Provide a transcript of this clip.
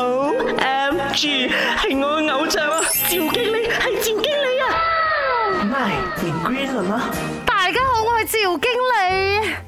O M G，係我嘅偶像啊！趙經理，係趙經理啊！My green 啦，大家好，我係趙經理。